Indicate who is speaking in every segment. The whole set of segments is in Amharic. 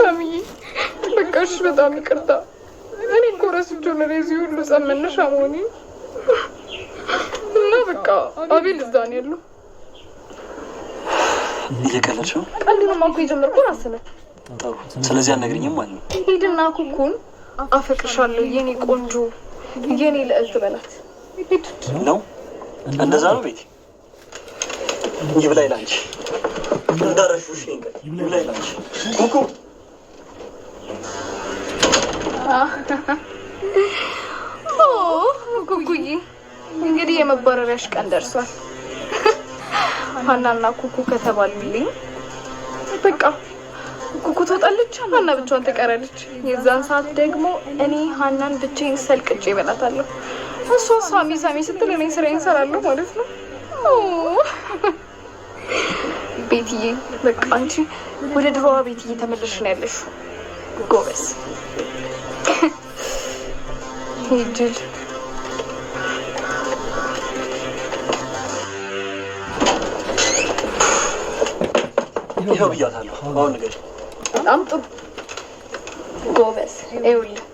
Speaker 1: ሳሚ በቃ እሺ፣ በጣም ይቅርታ። እኔ እኮ ረስቼው ነው የዚህ ሁሉ ጸብ መነሻ መሆኔ እና በቃ አቤል እዛ ነው ያለው። እየቀለድሽ ነው? ቀልዱንማ እኮ የጀመርኩት ራስህ ነህ።
Speaker 2: ስለዚህ አነግርኝም ማለት ነው?
Speaker 1: ሂድና ኩኩን አፈቅርሻለሁ የኔ ቆንጆ የኔ ልዕልት በላት
Speaker 2: ነው። እንደዛ ነው ቤት ይብላኝ ላንቺ እንዳረሹሽ ይብላኝ ላንቺ ኩኩ
Speaker 1: ጉጉዬ እንግዲህ የመባረሪያሽ ቀን ደርሷል። ሀናና ኩኩ ከተባሉልኝ በቃ ኩኩ ትወጣለች፣ ሀና ብቻዋን ትቀራለች። የዛን ሰዓት ደግሞ እኔ ሀናን ብቻዬን ሰልቅጬ ይበላታለሁ። እሷ ሳሚ ሳሚ ስትል እኔ ስራዬን እሰራለሁ ማለት ነው። ቤትዬ በቃ አንቺ ወደ ድሮዋ ቤትዬ ተመለሽ ነው ያለሽው። ጎበዝ ይድል
Speaker 2: ይኸው ብያታለሁ። አሁን ንገሪኝ።
Speaker 1: በጣም ጥሩ ጎበዝ። ይኸውልህ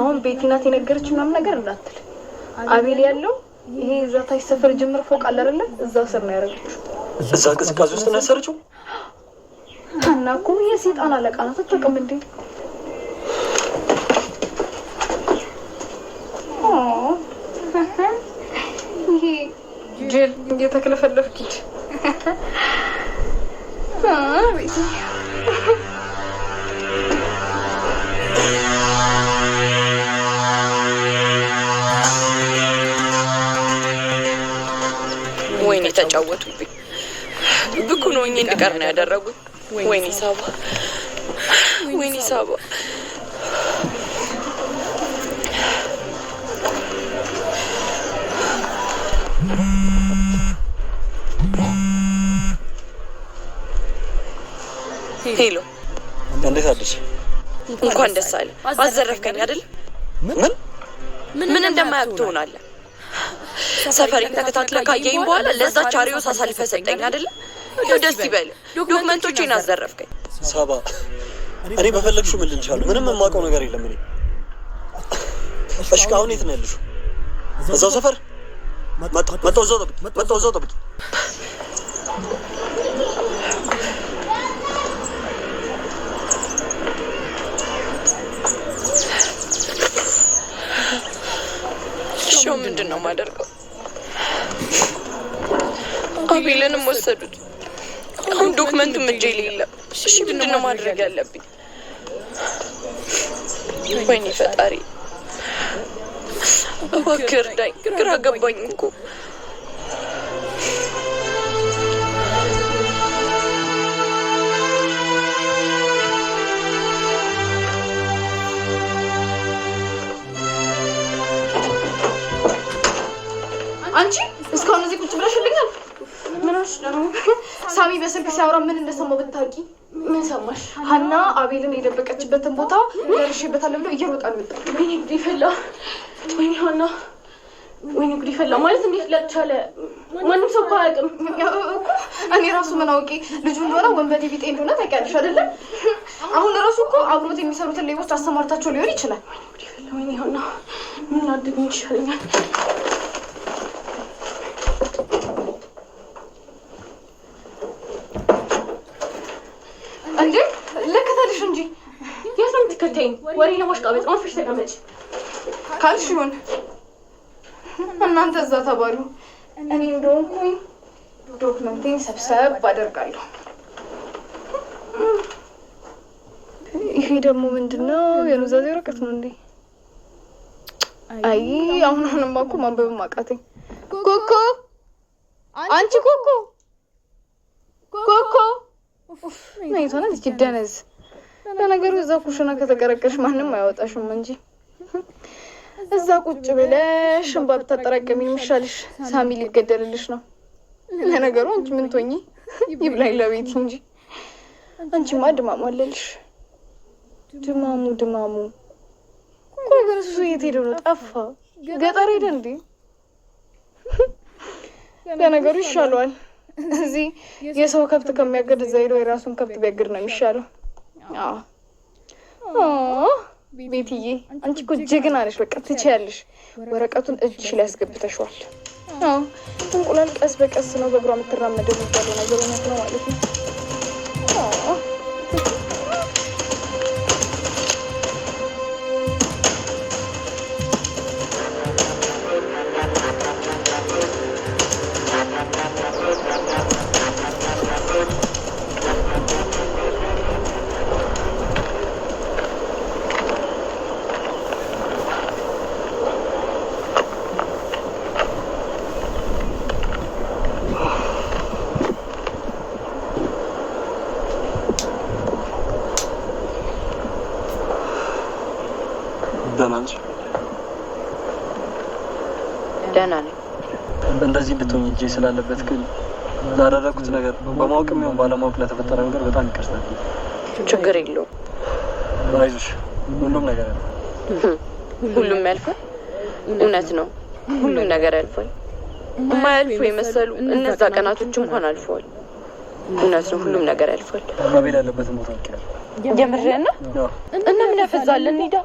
Speaker 1: አሁን ቤቲ ናት የነገረች ምናምን ነገር እንዳትል። አቤል ያለው ይሄ እዛ ታች ሰፈር ጅምር ፎቅ አለ አይደለ? እዛ ስር ነው ያደረገችው።
Speaker 2: እዛ ቅዝቃዜ ውስጥ ነው ያሰረችው።
Speaker 1: እና እኮ የሴጣን አለቃ ናት። አታውቅም እንዴ? እየተክለፈለፍኩት
Speaker 3: ወይኔ ተጫወቱብኝ። ብኩን ሆኜ እንድቀር ነው ያደረጉት። ወይኔ ሳባ፣ ወይኔ ሳባ ሄሎ፣ እንዴት አደርሽ? እንኳን ደስ አለ። አዘረፍከኝ አይደል? ምን ምን እንደማያውቅ ትሆናለህ። ሰፈሬን ተከታትለ ካየኝ በኋላ ለዛ አሪዮስ አሳልፈህ ሰጠኝ አይደል? ደስ ይበል። ዶክመንቶቼን አዘረፍከኝ።
Speaker 2: ሳባ፣ እኔ በፈለግሽው ምን ልንቻለሁ? ምንም የማውቀው ነገር የለም እኔ። እሺ፣ አሁን የት ነው ያለሽው? እዛው ሰፈር መጣሁ። እዛው ጠብቂ፣ መጣሁ። እዛው ጠብቂ
Speaker 3: ምንድን ነው የማደርገው? አቤልንም ወሰዱት። አሁን ዶክመንት እጄ ላይ የለም። እሺ ምንድን ነው ማድረግ ያለብኝ? ወይኔ ፈጣሪ እባክህ እርዳኝ። ግራ ገባኝ እኮ
Speaker 1: አንቺ እስካሁን እዚህ ቁጭ ብለሽልኛል። ምኖች ሳሚ በስልክ ሲያወራ ምን እንደሰማው ብታውቂ። ምን ሰማሽ? ሀና አቤልን የደበቀችበትን ቦታ ደርሼበታለሁ ብሎ እየሮጣ ነው።
Speaker 3: ወይኔ ጉድ ይፈላ! ወይኔ ሀና! ወይኔ ጉድ ይፈላ! ማለት እንዴት ለቻለ? ማንም ሰው አያውቅም
Speaker 1: እኮ እኔ ራሱ ምን አውቄ ልጁ እንደሆነ ወንበዴ ቢጤ እንደሆነ ታውቂያለሽ አይደለም? አሁን ራሱ እኮ አብሮት የሚሰሩትን ሌቦች አሰማርታቸው ሊሆን ይችላል።
Speaker 3: ወይኔ ጉድ ይፈላ! ወይኔ ሀና! ምን አድርግ ይሻለኛል?
Speaker 1: እንዴ ልከተልሽ እንጂ የት ነው የምትከተይኝ? ወሬ ለማሽቃበጥ ማፈሽ ተቀመጭ ካልሽ ይሁን። እናንተ እዛ ተባሉ። እኔ እንደሆንኩኝ ዶክመንቴን ሰብሰብ አደርጋለሁ። ይሄ ደግሞ ምንድን ነው? የኑዛዜ ወረቀት ነው እንዴ? አይ አሁን አሁንማ እኮ ማንበብ አቃተኝ። ኮኮ አንቺ ኮኮ ኮኮ ናይት ሆነት ይቺ ደነዝ። ለነገሩ እዛ ኩሽና ከተቀረቀሽ ማንም አያወጣሽም እንጂ እዛ ቁጭ ብለሽ እንባ ብታጠራቀሚ የሚሻልሽ። ሳሚ ሊገደልልሽ ነው። ለነገሩ አንቺ ምን ትሆኚ ይብላኝ ለቤት እንጂ አንቺማ ድማሙ አለልሽ። ድማሙ ድማሙ። ቆይ ግን እሱ የት ሄደ ነው? ጠፋ? ገጠር ሄደ እንዴ? ለነገሩ ይሻለዋል። እዚህ የሰው ከብት ከሚያገድ እዛ ሄዶ የራሱን ከብት ቢያግድ ነው የሚሻለው። ቤትዬ አንቺ እኮ ጀግና ነሽ። በቃ ትችያለሽ። ወረቀቱን እጅሽ ላይ አስገብተሽዋል እንቁላል ቀስ በቀስ ነው በእግሯ የምትራመደው የሚባለው ነገር እውነት ነው ማለት ነው።
Speaker 2: ደህና ነሽ? ደህና ነኝ። እንደዚህ እንድትሆኝ እጄ ስላለበት ግን ላደረኩት ነገር በማወቅ የሚሆን ባለማወቅ ለተፈጠረ ነገር በጣም ይቅርታል። ችግር የለውም። አይዞሽ፣ ሁሉም ነገር ያልፋል።
Speaker 3: ሁሉም ያልፋል። እውነት ነው፣ ሁሉም ነገር ያልፋል። የማያልፉ የመሰሉ እነዛ ቀናቶች እንኳን አልፈዋል። እውነት ነው። ሁሉም ነገር ያልፋል።
Speaker 2: ማቤል ያለበትን ቦታ
Speaker 1: ጀምር እና እናምናፈዛለን ሄዳ